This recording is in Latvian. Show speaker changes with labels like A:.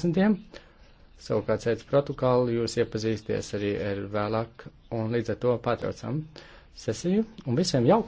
A: 17.
B: Savukārt sēdz protokolu jūs iepazīsties arī ar vēlāk un līdz ar to pārtraucam sesiju
A: un visiem jauku!